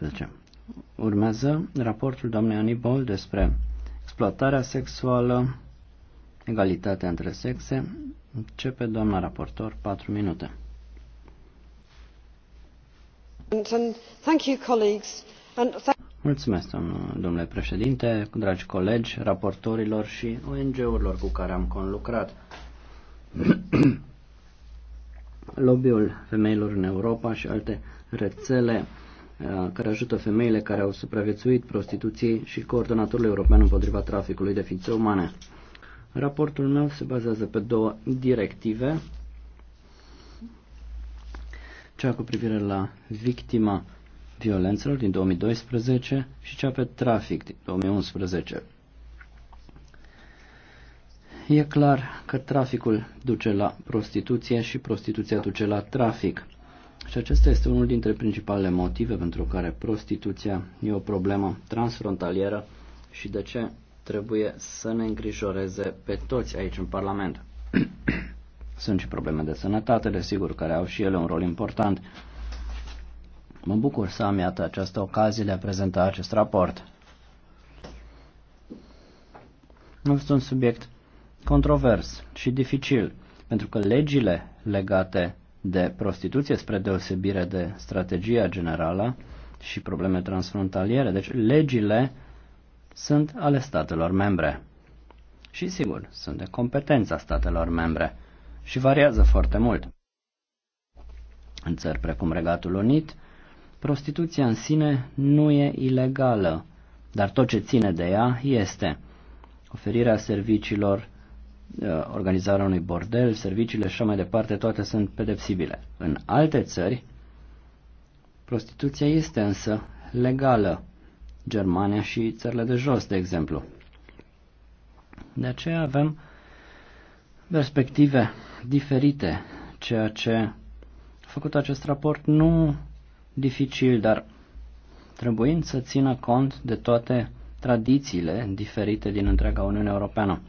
18. Urmează raportul doamnei Anibol despre exploatarea sexuală, egalitatea între sexe. Începe doamna raportor, 4 minute. Mulțumesc, domnule președinte, dragi colegi, raportorilor și ONG-urilor cu care am conlucrat. Lobby-ul femeilor în Europa și alte rețele Uh, care ajută femeile care au supraviețuit prostituției și coordonatorul european împotriva traficului de ființe umane. Raportul meu se bazează pe două directive. Cea cu privire la victima violențelor din 2012 și cea pe trafic din 2011. E clar că traficul duce la prostituție și prostituția duce la trafic. Și acesta este unul dintre principalele motive pentru care prostituția e o problemă transfrontalieră și de ce trebuie să ne îngrijoreze pe toți aici în Parlament. Sunt și probleme de sănătate, desigur, care au și ele un rol important. Mă bucur să am, iată, această ocazie de a prezenta acest raport. Nu este un subiect controvers și dificil, pentru că legile legate de prostituție, spre deosebire de strategia generală și probleme transfrontaliere. Deci legile sunt ale statelor membre. Și sigur, sunt de competența statelor membre și variază foarte mult. În țări precum Regatul Unit, prostituția în sine nu e ilegală, dar tot ce ține de ea este oferirea serviciilor Uh, organizarea unui bordel, serviciile și așa mai departe, toate sunt pedepsibile. În alte țări, prostituția este însă legală. Germania și țările de jos, de exemplu. De aceea avem perspective diferite, ceea ce a făcut acest raport nu dificil, dar trebuind să țină cont de toate tradițiile diferite din întreaga Uniune Europeană.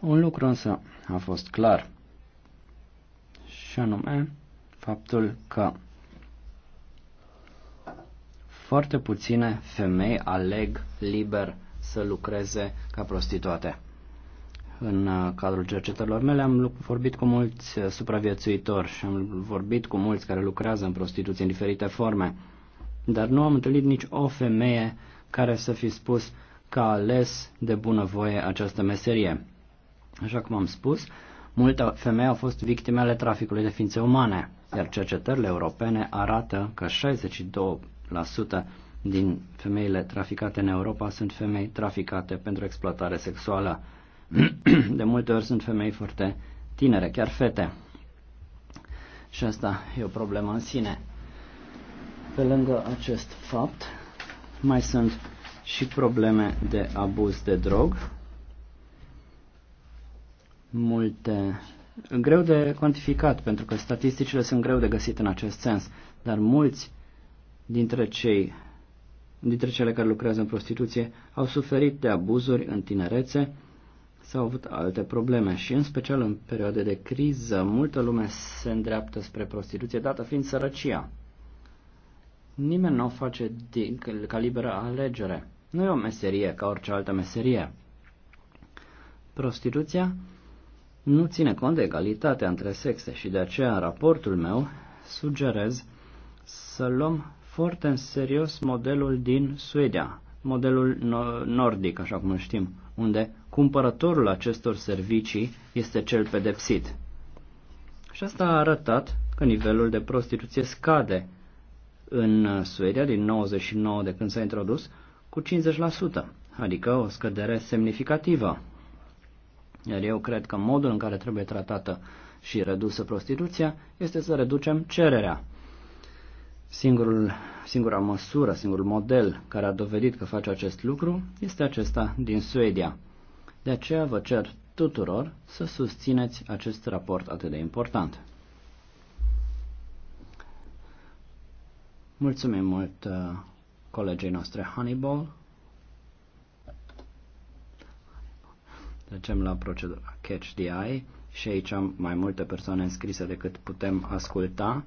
Un lucru însă a fost clar, și anume faptul că foarte puține femei aleg liber să lucreze ca prostituate. În uh, cadrul cercetărilor mele am vorbit cu mulți uh, supraviețuitori și am vorbit cu mulți care lucrează în prostituție în diferite forme, dar nu am întâlnit nici o femeie care să fi spus că a ales de bunăvoie această meserie. Așa cum am spus, multe femei au fost victimele traficului de ființe umane, iar cercetările europene arată că 62% din femeile traficate în Europa sunt femei traficate pentru exploatare sexuală. De multe ori sunt femei foarte tinere, chiar fete. Și asta e o problemă în sine. Pe lângă acest fapt, mai sunt și probleme de abuz de drog, multe. Greu de cuantificat, pentru că statisticile sunt greu de găsit în acest sens, dar mulți dintre cei dintre cele care lucrează în prostituție au suferit de abuzuri în tinerețe sau au avut alte probleme și în special în perioade de criză multă lume se îndreaptă spre prostituție, dată fiind sărăcia. Nimeni nu o face din, ca liberă alegere. Nu e o meserie ca orice altă meserie. Prostituția nu ține cont de egalitatea între sexe și de aceea în raportul meu sugerez să luăm foarte în serios modelul din Suedia, modelul nordic, așa cum îl știm, unde cumpărătorul acestor servicii este cel pedepsit. Și asta a arătat că nivelul de prostituție scade în Suedia din 99 de când s-a introdus cu 50%, adică o scădere semnificativă iar eu cred că modul în care trebuie tratată și redusă prostituția este să reducem cererea. Singurul, singura măsură, singurul model care a dovedit că face acest lucru este acesta din Suedia. De aceea vă cer tuturor să susțineți acest raport atât de important. Mulțumim mult uh, colegii noastre Honeyball. Trecem la procedura Catch the Eye și aici am mai multe persoane înscrise decât putem asculta.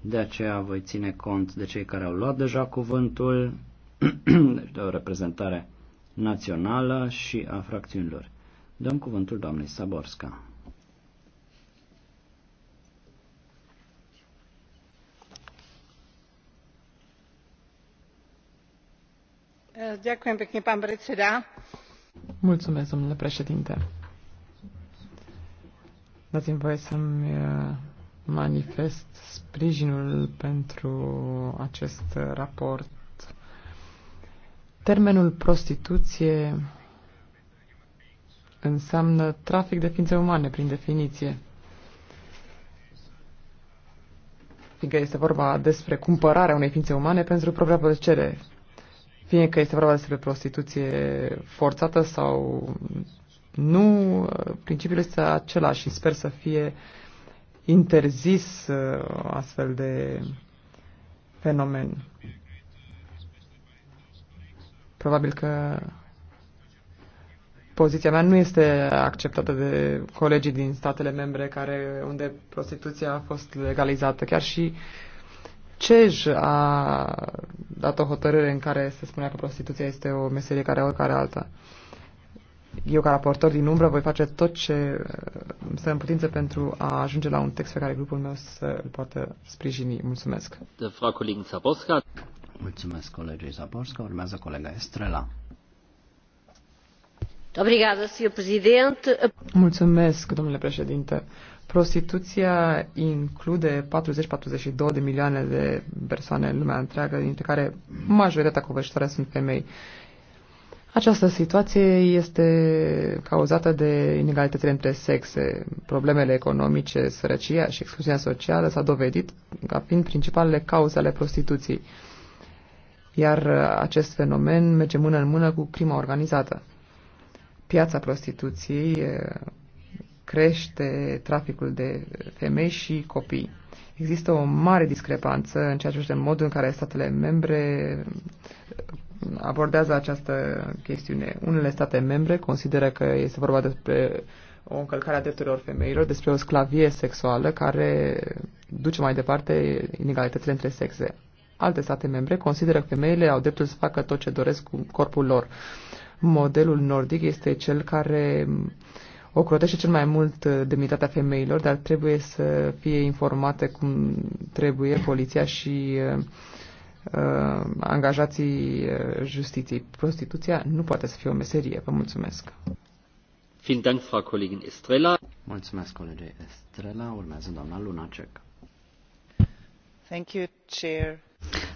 De aceea voi ține cont de cei care au luat deja cuvântul, deci de o reprezentare națională și a fracțiunilor. Dăm cuvântul doamnei Saborska. Ďakujem pekne, pán predseda Mulțumesc, domnule președinte. Dați-mi voie să-mi uh, manifest sprijinul pentru acest raport. Termenul prostituție înseamnă trafic de ființe umane, prin definiție. Fiindcă este vorba despre cumpărarea unei ființe umane pentru propria plăcere fie că este vorba despre prostituție forțată sau nu, principiul este același și sper să fie interzis uh, astfel de fenomen. Probabil că poziția mea nu este acceptată de colegii din statele membre care, unde prostituția a fost legalizată. Chiar și CEJ a dat o hotărâre în care se spunea că prostituția este o meserie care oricare alta. Eu, ca raportor din umbră, voi face tot ce să uh, stă în putință pentru a ajunge la un text pe care grupul meu să îl poată sprijini. Mulțumesc. Mulțumesc, colegii Zaborska. Urmează colega Estrela. Mulțumesc, domnule președinte. Prostituția include 40-42 de milioane de persoane în lumea întreagă, dintre care majoritatea covârșitoare sunt femei. Această situație este cauzată de inegalitățile între sexe, problemele economice, sărăcia și excluziunea socială s-a dovedit ca fiind principalele cauze ale prostituției. Iar acest fenomen merge mână în mână cu crima organizată. Piața prostituției crește traficul de femei și copii. Există o mare discrepanță în ceea ce privește modul în care statele membre abordează această chestiune. Unele state membre consideră că este vorba despre o încălcare a drepturilor femeilor, despre o sclavie sexuală care duce mai departe inegalitățile între sexe. Alte state membre consideră că femeile au dreptul să facă tot ce doresc cu corpul lor. Modelul nordic este cel care uh, o crotește cel mai mult uh, demnitatea femeilor, dar trebuie să fie informate cum trebuie poliția și uh, uh angajații uh, justiției. Prostituția nu poate să fie o meserie. Vă mulțumesc. Mulțumesc, colegii Estrella. Urmează doamna Lunacek. Thank you, Chair.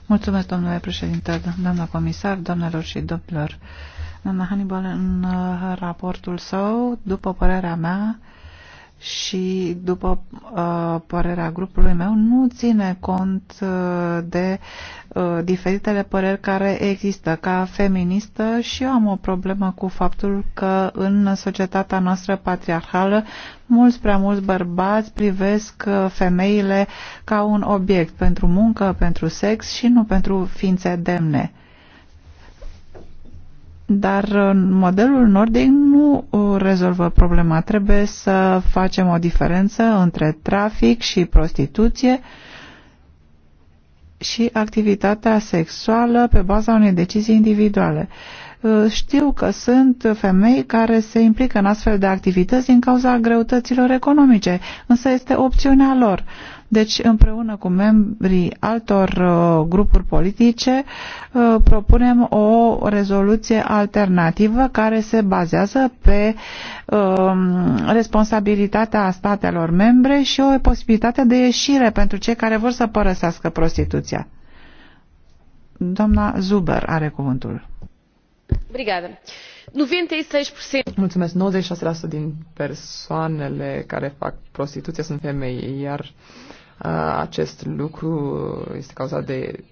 Mulțumesc, domnule președinte, doamna comisar, doamnelor și domnilor. Uh, Doamna Hannibal, în uh, raportul său, după părerea mea și după uh, părerea grupului meu, nu ține cont uh, de uh, diferitele păreri care există. Ca feministă și eu am o problemă cu faptul că în societatea noastră patriarhală mulți prea mulți bărbați privesc uh, femeile ca un obiect pentru muncă, pentru sex și nu pentru ființe demne. Uh, dar uh, modelul nordic nu uh, rezolvă problema. Trebuie să facem o diferență între trafic și prostituție și activitatea sexuală pe baza unei decizii individuale. Uh, știu că sunt femei care se implică în astfel de activități din cauza greutăților economice, însă este opțiunea lor. Uh, deci, împreună cu membrii altor uh, grupuri politice, uh, propunem o rezoluție alternativă care se bazează pe um, responsabilitatea statelor membre și o posibilitate de ieșire pentru cei care vor să părăsească prostituția. Doamna Zuber are cuvântul. Mulțumesc. 96% din persoanele care fac prostituție sunt femei, iar acest lucru este cauzat de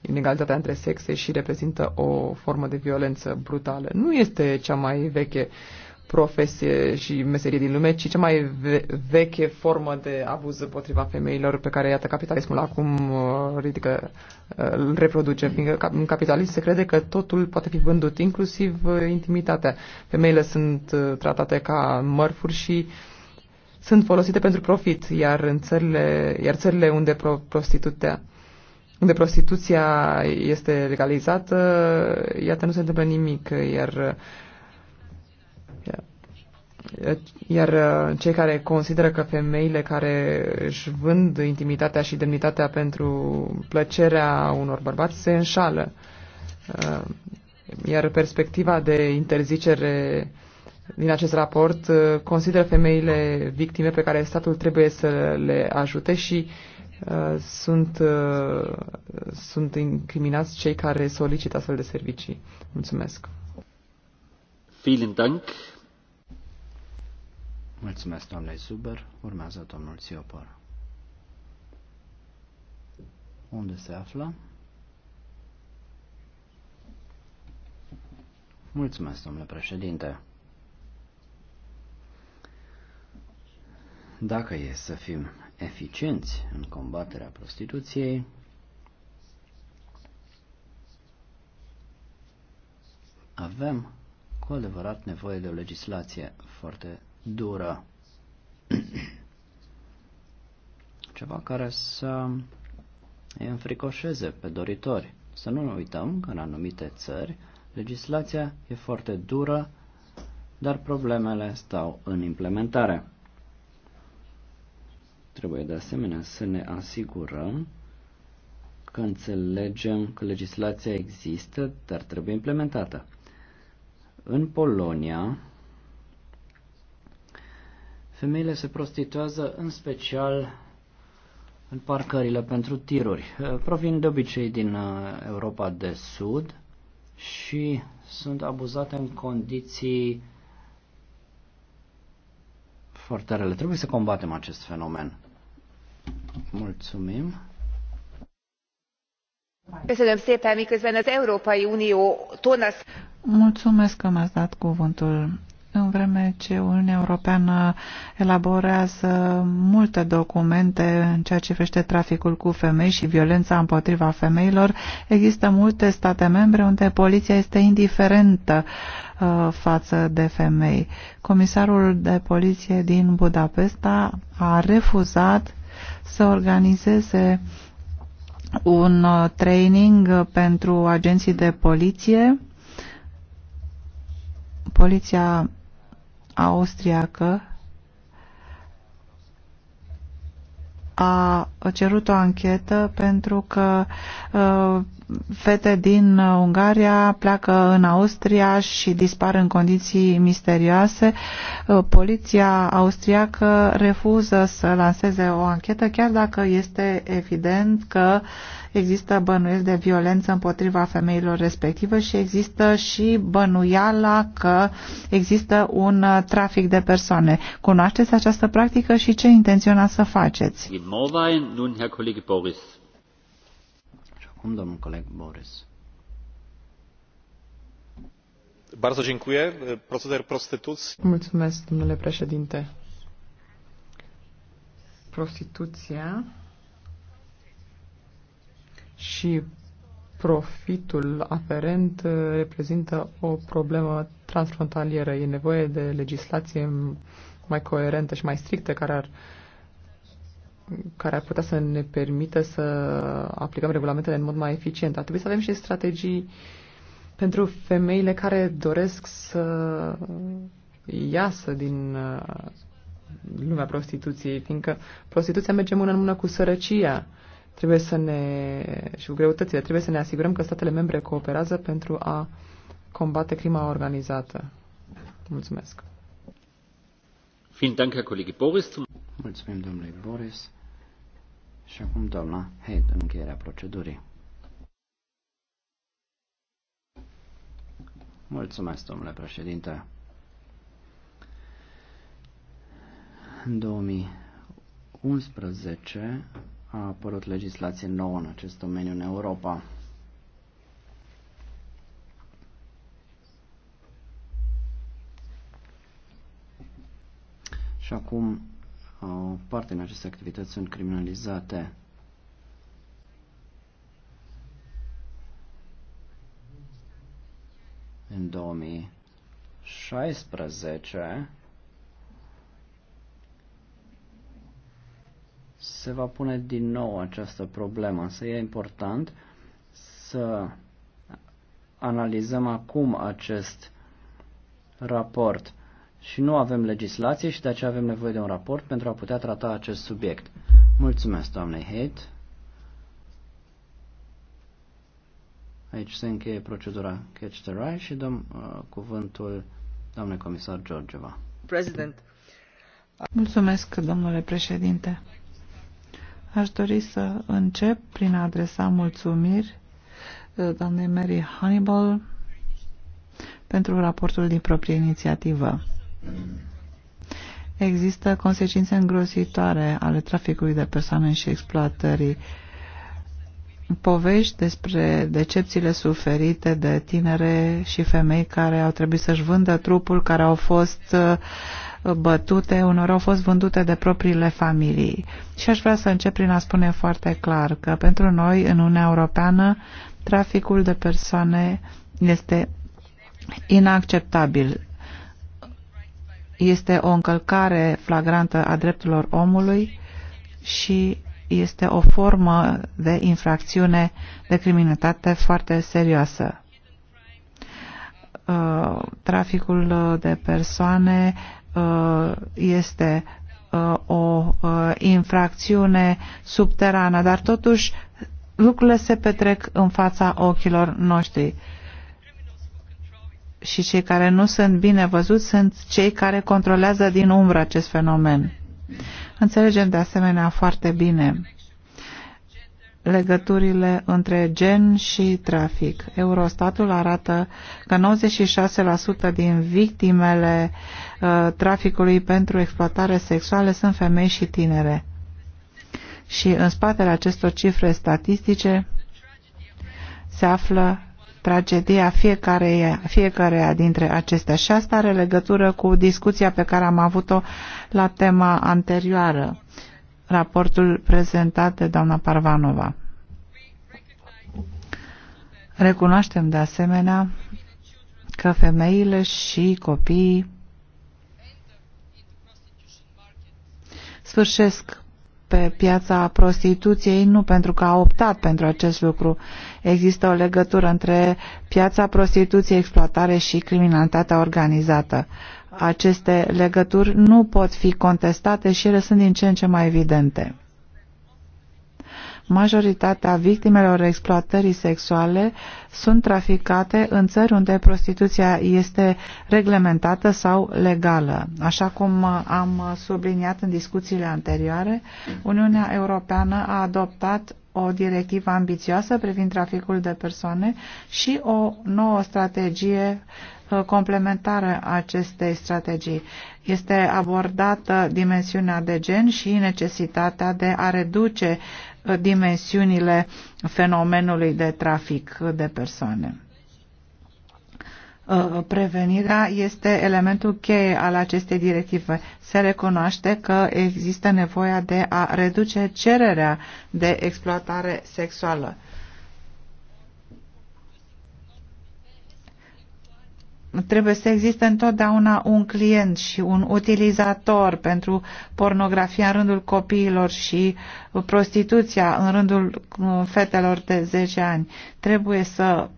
inegalitatea între sexe și reprezintă o formă de violență brutală. Nu este cea mai veche uh, profesie și meserie din lume, ci cea mai ve- veche formă de abuz împotriva femeilor pe care, iată, capitalismul acum uh, ridică, uh, îl reproduce. Fiindcă în capitalism se crede că totul poate fi vândut, inclusiv uh, intimitatea. Femeile sunt tratate ca mărfuri și sunt folosite pentru profit, iar în țările, iar țările unde pro- prostituția unde prostituția este legalizată, iată, nu se întâmplă nimic, iar iar uh, cei care consideră că femeile care își vând intimitatea și demnitatea pentru plăcerea unor bărbați se înșală. Uh, iar perspectiva de interzicere din acest raport uh, consideră femeile victime pe care statul trebuie să le ajute și sunt, sunt incriminați cei care solicită astfel de servicii. Mulțumesc. Vielen Dank. Mulțumesc, doamnei Zuber. Urmează domnul Țiopor. Unde se află? Mulțumesc, domnule președinte. Dacă e să fim eficienți în combaterea prostituției, avem cu adevărat nevoie de o legislație foarte dură. Ceva care să îi înfricoșeze pe doritori. Să nu ne uităm că în anumite țări legislația e foarte dură, dar problemele stau în implementare. Trebuie de asemenea să ne asigurăm că înțelegem că legislația există, dar trebuie implementată. În Polonia, Femeile se prostituează în special în parcările pentru tiruri. Uh, provin de obicei din uh, Europa de Sud și sunt abuzate în condiții foarte rele. Trebuie să combatem acest fenomen. Mulțumim. Köszönöm szépen, miközben az Európai Unió tonasz... Mulțumesc că mi-ați dat cuvântul în vreme ce Uniunea Europeană elaborează multe documente în ceea ce vește traficul cu femei și violența împotriva femeilor, există multe state membre unde poliția este indiferentă uh, față de femei. Comisarul de poliție din Budapesta a refuzat să organizeze un uh, training pentru agenții de poliție poliția austriacă a cerut o anchetă pentru că uh, fete din Ungaria pleacă în Austria și dispar în condiții misterioase. Uh, poliția austriacă refuză să lanseze o anchetă, chiar dacă este evident că există bănuieli de violență împotriva femeilor respective și există și bănuiala că există un uh, trafic de persoane. Cunoașteți această practică și ce intenționa să faceți? Acum domnul coleg Boris. Bardzo dziękuję. Proceder prostytucji. Mulțumesc, domnule președinte. Prostituția și profitul aferent uh, reprezintă o problemă transfrontalieră. E nevoie de legislație mai coerentă și mai strictă care ar, care ar putea să ne permită să aplicăm regulamentele în mod mai eficient. Ar trebui să avem și strategii pentru femeile care doresc să iasă din uh, lumea prostituției, fiindcă prostituția merge mână în mână cu sărăcia Trebuie să ne, și cu greutățile, trebuie să ne asigurăm că statele membre cooperează pentru a combate crima organizată. Mulțumesc. Boris. Mulțumim, domnule Boris. Și acum, doamna Head, în încheierea procedurii. Mulțumesc, domnule președinte. În 2011 a apărut legislație nouă în acest domeniu în Europa. Și acum o parte din aceste activități sunt criminalizate. În 2016 se va pune din nou această problemă, Să e important să analizăm acum acest raport. Și nu avem legislație și de aceea avem nevoie de un raport pentru a putea trata acest subiect. Mulțumesc, doamnei Haidt. Aici se încheie procedura Catch the Rye și dăm uh, cuvântul doamnei comisar Georgeva. President. Mulțumesc, domnule președinte. Aș dori să încep prin a adresa mulțumiri uh, doamnei Mary Hannibal pentru raportul din proprie inițiativă. Există consecințe îngrozitoare ale traficului de persoane și exploatării uh, povești despre decepțiile suferite de tinere și femei care au trebuit să-și vândă trupul, care au fost uh, bătute, unor au fost vândute de propriile familii. Și aș vrea să încep prin a spune foarte clar că pentru noi, în Uniunea Europeană, traficul de persoane este inacceptabil. Este o încălcare flagrantă a drepturilor omului și este o formă de infracțiune de criminalitate foarte serioasă. Uh, traficul de persoane uh, este uh, o infracțiune subterană, dar totuși lucrurile se petrec în fața ochilor noștri. Și cei care nu sunt bine văzuți sunt cei care controlează din umbră acest fenomen. Înțelegem de asemenea foarte bine legăturile între gen și trafic. Eurostatul arată că 96% din victimele uh, traficului pentru exploatare sexuală sunt femei și tinere. Și în spatele acestor cifre statistice se află tragedia fiecare, fiecare dintre acestea. Și asta are legătură cu discuția pe care am avut-o la tema anterioară, raportul prezentat de doamna Parvanova. Recunoaștem de asemenea că femeile și copiii sfârșesc pe piața prostituției nu pentru că a optat pentru acest lucru. Există o legătură între piața prostituției, exploatare și criminalitatea organizată. Aceste legături nu pot fi contestate și ele sunt din ce în ce mai evidente. Majoritatea victimelor exploatării sexuale sunt traficate în țări unde prostituția este reglementată sau legală. Așa cum am subliniat în discuțiile anterioare, Uniunea Europeană a adoptat o directivă ambițioasă privind traficul de persoane și o nouă strategie uh, complementară acestei strategii. Este abordată dimensiunea de gen și necesitatea de a reduce dimensiunile fenomenului de trafic de persoane. Uh, prevenirea este elementul cheie al acestei directive. Se recunoaște că există nevoia de a reduce cererea de exploatare sexuală. trebuie să existe întotdeauna un client și un utilizator pentru pornografia în rândul copiilor și prostituția în rândul uh, fetelor de 10 ani. Trebuie să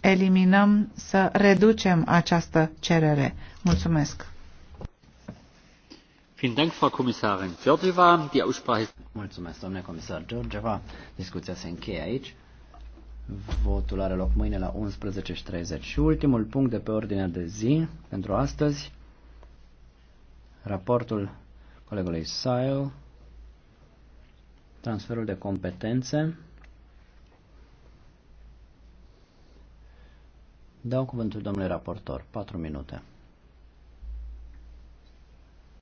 eliminăm, să reducem această cerere. Mulțumesc! Mulțumesc, domnule comisar Georgeva. Discuția se încheie aici. Votul are loc mâine la 11.30. Și ultimul punct de pe ordinea de zi pentru astăzi, raportul colegului Sile, transferul de competențe. Dau cuvântul domnului raportor, 4 minute.